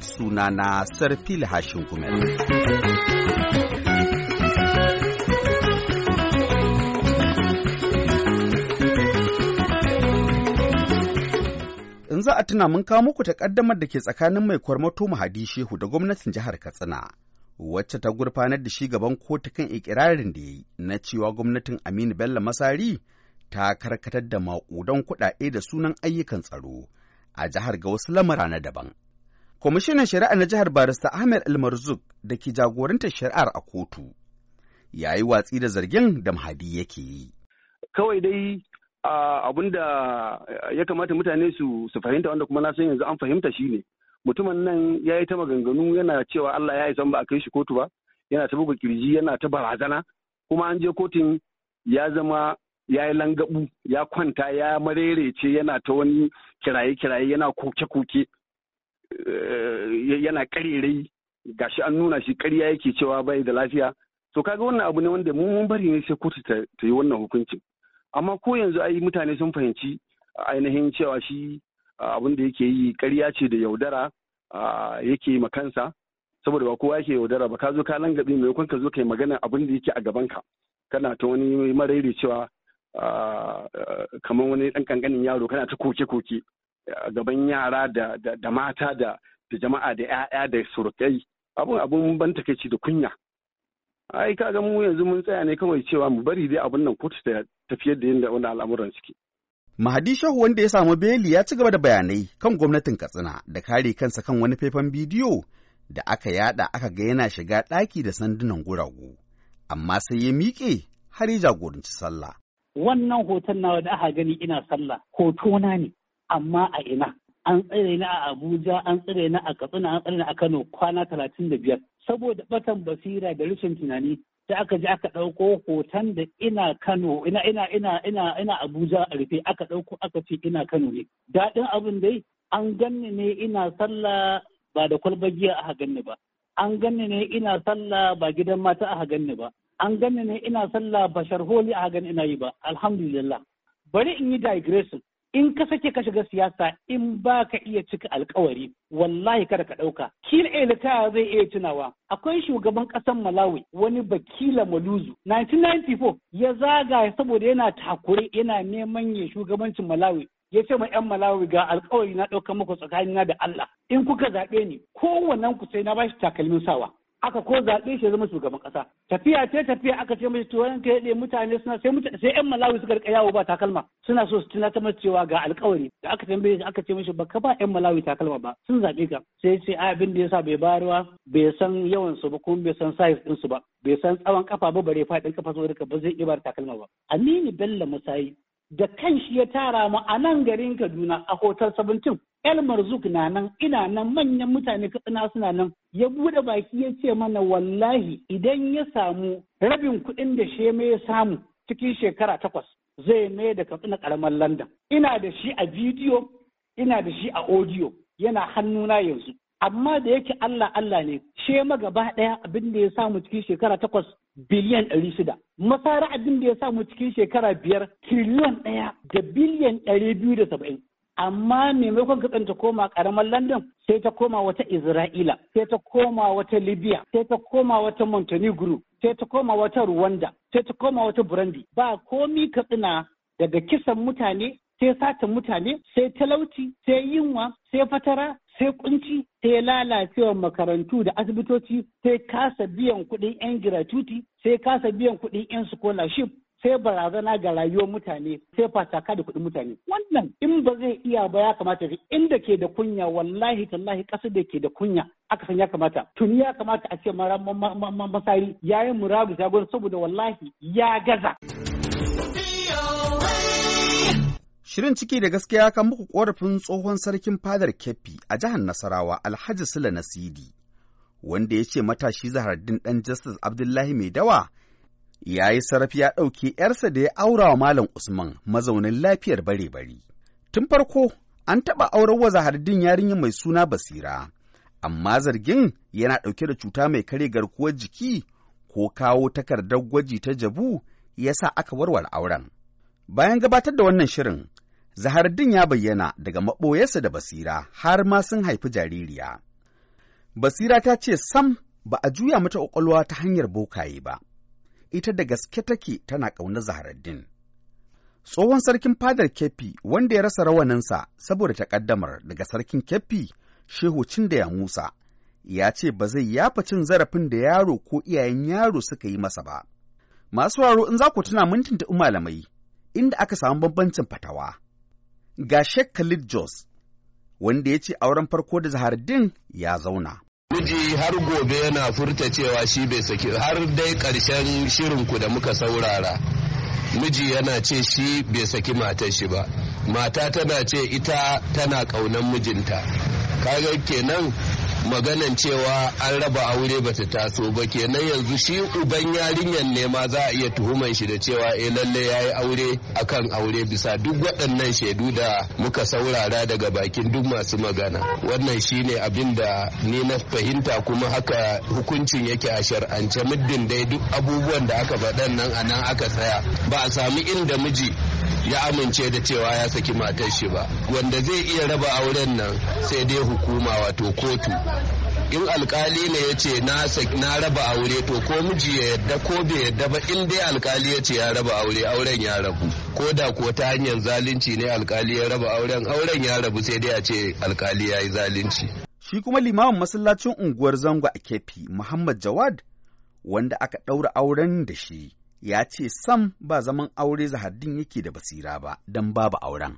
sunana sarfil hashin kuma In za a tuna mun kawo muku takaddamar da ke tsakanin mai kwarmato Mahadi Shehu da gwamnatin jihar Katsina, wacce ta gurfanar da shi gaban kotu kan ikirarin da ya yi na cewa gwamnatin Aminu Bello Masari ta karkatar da maƙudan kuɗaɗe da sunan ayyukan tsaro a jihar ga wasu lamura na daban. Kwamishinan shari'a na jihar Barista Ahmed Almarzuk da ke jagorantar shari'ar a kotu ya yi watsi da zargin da Mahadi yake yi. Kawai dai abin da ya kamata mutane su fahimta wanda kuma na san yanzu an fahimta shi ne, mutumin nan ya yi ta maganganu yana cewa Allah ya yi san ba a kai shi kotu ba yana ta buga kirji yana ta barazana kuma an je kotun ya zama ya yi langabu ya kwanta ya marerece yana ta wani kiraye-kiraye yana koke-koke Eh, yana karerai gashi an nuna shi karya yake cewa bai da lafiya to kaga wannan abu ne wanda mun bari ne sai kotu ta yi wannan hukuncin amma ko yanzu ai mutane sun fahimci ainihin cewa shi ah, abin da yake yi karya ce da yaudara ah, yake yi kansa saboda ba kowa yake yaudara ba ka zo ka langabe maimakon ka zo yi magana abin da yake a gaban ka kana ta wani marairi cewa ah, kamar wani ɗan kankanin yaro kana ta koke koke a gaban yara da mata da jama'a da 'ya'ya da surukai abun abun ban takeici da kunya ai ga mu yanzu mun tsaya ne kawai cewa mu bari dai abun nan kotu ta tafiyar da yadda wani al'amuran suke Mahadi Shehu wanda ya samu beli ya ci gaba da bayanai kan gwamnatin Katsina da kare kansa kan wani faifan bidiyo da aka yada aka ga yana shiga ɗaki da sandunan guragu, amma sai ya miƙe har ya jagoranci sallah. Wannan hoton nawa da aka gani ina sallah, hoto na ne. amma a ina an tsare ni a abuja an tsare ni a katsina an tsare ni a kano kwana talatin da biyar saboda batan basira da rashin tunani sai aka je aka ɗauko hoton da ina Kano ina ina ina ina ina Abuja a rufe aka ɗauko aka ce ina Kano ne daɗin abin dai an ganni ne ina sallah ba da kwalbar giya aka ganni ba an ganni ne ina sallah ba gidan mata aka ganni ba an ganni ne ina sallah ba sharholi aka ganni ina yi ba alhamdulillah bari in yi digression in ka sake ka shiga siyasa in ba ka iya cika alkawari wallahi kada ka ɗauka kila elika eh, zai iya tunawa akwai shugaban ƙasar malawi wani bakila maluzu 1994 ya zaga saboda yana takure yana neman ya shugabancin malawi ya ce ma 'yan malawi ga alkawari na ɗaukar muku tsakanina da Allah in kuka zaɓe ni kowannen ku sai na bashi takalmin sawa aka ko zaɓe shi zama shugaban ƙasa tafiya ce tafiya aka ce mai to yanka yaɗe mutane suna sai mutane sai ƴan Malawi suka rika yawo ba takalma suna so su ta masa cewa ga alƙawari da aka tambaye shi aka ce mishi baka ba 'yan Malawi takalma ba sun zaɓe ka sai ce a abin da yasa bai bayarwa bai san yawan su ba kuma bai san size din su ba bai san tsawon kafa ba bare faɗin kafa saboda ka ba zai iya ba takalma ba Aminu Bello Musayi da kan shi ya tara mu a nan garin Kaduna a hotel 17 El Marzuk na nan ina nan manyan mutane katsina suna nan ya buɗe baki ya ce mana wallahi idan ya samu rabin kuɗin da sheme ya samu cikin shekara takwas zai mai da katsina karamar London ina da shi a bidiyo ina da shi a audio yana hannuna yanzu amma da yake Allah Allah ne she magaba ɗaya abin da ya samu cikin shekara takwas biliyan ɗari shida masara abin da ya samu cikin shekara biyar triliyon ɗaya da biliyan ɗari biyu da saba'in amma maimakon katsan ta koma ƙaramar london sai ta koma wata isra'ila sai ta koma wata libya sai ta koma wata montenegro sai ta koma wata rwanda sai ta koma wata burundi ba komi katsina daga kisan mutane sai satan mutane sai talauci sai yinwa, sai fatara sai kunci sai lalacewar makarantu da asibitoci sai kasa biyan kuɗin 'yan gratuity sai kasa biyan kuɗin 'yan scholarship sai barazana ga rayuwar mutane sai fataka da kuɗin mutane wannan in ba zai iya ba ya kamata inda ke da kunya wallahi tallahi ƙasar da ke da kunya aka san ya kamata tuni ya kamata a ce masari yayin murabus ya gwada saboda wallahi ya gaza. Shirin ciki da gaskiya kan muku korafin tsohon sarkin fadar Keffi a jihar Nasarawa Alhaji Sula Nasidi, wanda ya ce matashi zahardin ɗan Justice Abdullahi Mai Dawa ya yi sarafi ya ɗauki ‘yarsa da ya aura wa Malam Usman mazaunin lafiyar bare-bari. Tun farko an taɓa auren wa zahardin yarinya mai suna Basira, amma zargin yana ɗauke da cuta mai kare garkuwar jiki ko kawo takardar gwaji ta jabu ya sa aka warware auren. Bayan gabatar da wannan shirin, Zahardin ya bayyana daga maɓoyarsa da basira har ma sun haifi jaririya. Basira ta ce sam ba a juya mata ƙwaƙwalwa ta hanyar bokaye ba, ita da gaske take tana ƙaunar Zahardin. Tsohon sarkin fadar Kefi wanda ya rasa rawaninsa saboda ƙaddamar daga sarkin Kefi Shehu da ya Musa ya ce ba zai yafa cin zarafin da yaro ko iyayen yaro suka yi masa ba. Masu waro in za ku tuna mintinta umalamai malamai inda aka samu bambancin fatawa Ga Khalid Jos, wanda ya ce auren farko da Zahardin ya zauna. miji har gobe yana furta cewa shi bai saki har dai ƙarshen shirinku da muka saurara miji yana ce shi bai saki matar shi ba mata tana ce ita tana ƙaunar mijinta kaga kenan maganan cewa an raba aure bata taso ba kenan yanzu shi uban yarinyar ne ma za a iya tuhuman shi da cewa eh lalle yi aure akan aure bisa duk waɗannan shaidu da muka saurara daga bakin duk masu magana wannan shine abin da ni na fahimta kuma haka hukuncin yake a shar'ance muddin dai duk abubuwan da aka faɗan nan a nan aka tsaya ba a sami inda miji ya amince da cewa ya saki matar shi ba wanda zai iya raba auren nan sai dai hukuma wato kotu in alkali ne ya ce na raba aure to ko miji ya yadda ko bai yadda ba in dai alkali ya ce ya raba aure auren ya rabu ko da kuwa ta hanyar zalunci ne alkali ya raba auren auren ya rabu sai dai a ce alkali ya yi zalunci shi kuma limamin masallacin unguwar zango a kefi muhammad jawad wanda aka ɗaura auren da shi ya ce sam ba zaman aure zahardin yake da basira ba don babu auren.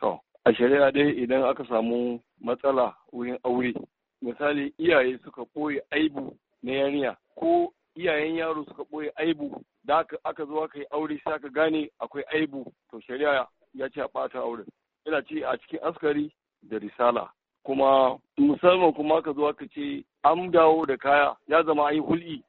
To, a shari'a dai idan aka samu matsala wurin aure, misali iyaye suka ɓoye aibu na yarinya ko iyayen yaro suka ɓoye aibu da aka zo aka aure sai aka gane akwai aibu to shari'a ya ce a ɓata auren. Ina ce a cikin askari da risala kuma musamman kuma aka zo aka ce an dawo da kaya ya zama an yi hulɗi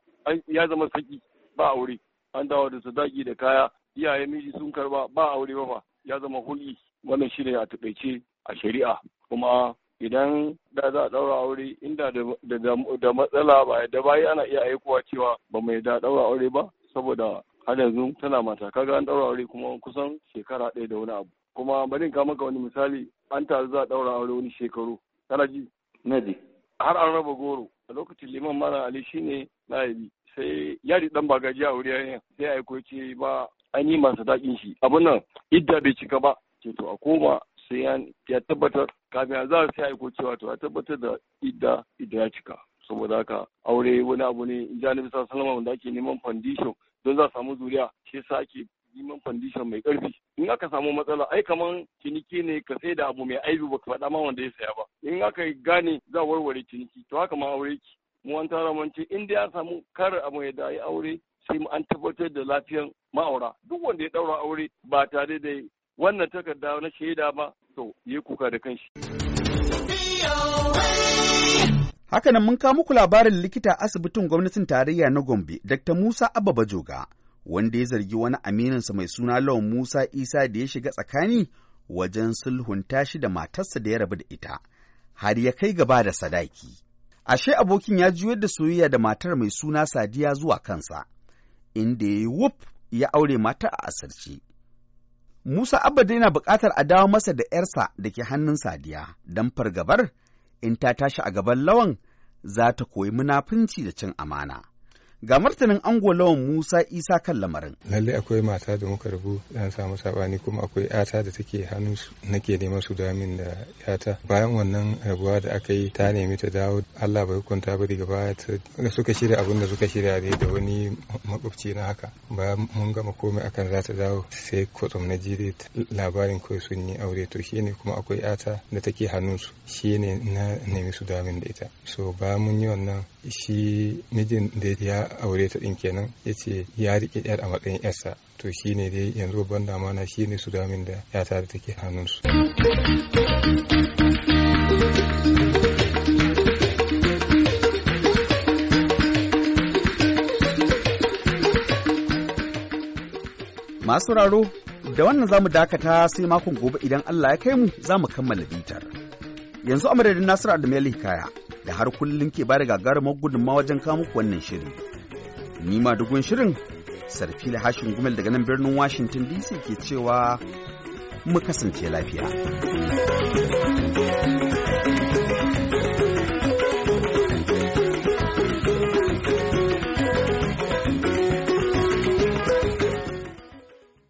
ya zama saki ba aure. an dawo da sadaki da kaya iyaye miji sun karba ba aure ba ya zama hulɗi wannan shi ne a taƙaice a shari'a kuma idan da za a ɗaura aure inda da matsala ba da bayi ana iya aikowa cewa ba mai da ɗaura aure ba saboda har yanzu tana mata kaga an ɗaura aure kuma kusan shekara ɗaya da wani abu kuma bari ka maka wani misali an taru za a ɗaura aure wani shekaru Tana ji na ji har an raba goro a lokacin liman mara ali shine na'ibi sai yari dan bagaji a wuri yayin sai aiko ce ba an yi masa sadakin shi abin idda bai cika ba ce to a koma sai ya tabbatar kafin a za sai aiko cewa to a tabbatar da idda idda ya cika saboda haka aure wani abu ne in ja annabi sallallahu salama wanda ake neman foundation don za a samu zuriya shi yasa ake neman condition mai karfi in aka samu matsala ai kaman ciniki ne ka sai da abu mai aibi baka faɗa ma wanda ya saya ba in aka gane za warware ciniki to haka ma aure ki mu an tara mun ce in dai an samu kar abu ya dai aure sai an tabbatar da lafiyan ma'aura duk wanda ya daura aure ba tare da wannan takarda na shaida ba to yi kuka da kanshi. Hakanan mun kawo muku labarin likita asibitin gwamnatin tarayya na Gombe, Dr. Musa Ababa Joga, wanda ya zargi wani sa mai suna Lawan Musa Isa da ya shiga tsakani wajen sulhun tashi da matarsa da ya rabu da ita, har ya kai gaba da sadaki. Ashe abokin ya juyar da soyayya da matar mai suna Sadiya zuwa kansa, inda ya yi wuf ya aure mata a asirce. Musa Abba yana buƙatar a dawo masa da ‘yarsa da ke hannun Sadiya don fargabar in ta tashi a gaban lawan za ta koyi munafunci da cin amana. Ga martanin ango lawan Musa Isa kan lamarin. lalle akwai mata da muka rabu an samu sabani kuma akwai yata da take hannun su nake neman su damin da yata. Bayan wannan rabuwa da aka yi ta nemi ta dawo Allah bai hukunta ba daga baya suka shirya abin da suka shirya dai da wani makwabci na haka. Bayan mun gama komai akan za ta dawo sai kwatsam na ji labarin kawai sun yi aure to shine kuma akwai yata da take hannun su shine na nemi su damin da ita. So bayan mun yi wannan shi mijin da ya aure ta din kenan ya ce ya riƙe yar a matsayin yarsa to shine dai yanzu babban damana shine su damin da yata da take hannunsu. Masu raro da wannan za mu dakata sai makon gobe idan Allah ya kai mu za mu kammala bitar. Yanzu a madadin Nasiru Adamu Kaya da har kullum ke bada gagarumar gudunmawa wajen kawo muku wannan shiri. ni ma dugun shirin sarfi hashin gumel daga nan birnin washington dc ke cewa mu kasance lafiya